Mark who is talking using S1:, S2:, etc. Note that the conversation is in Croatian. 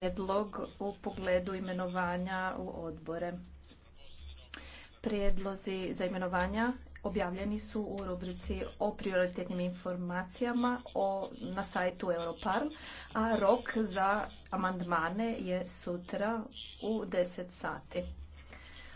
S1: prijedlog u pogledu imenovanja u odbore. Prijedlozi za imenovanja objavljeni su u rubrici o prioritetnim informacijama o, na sajtu Europarl, a rok za amandmane je sutra u 10 sati.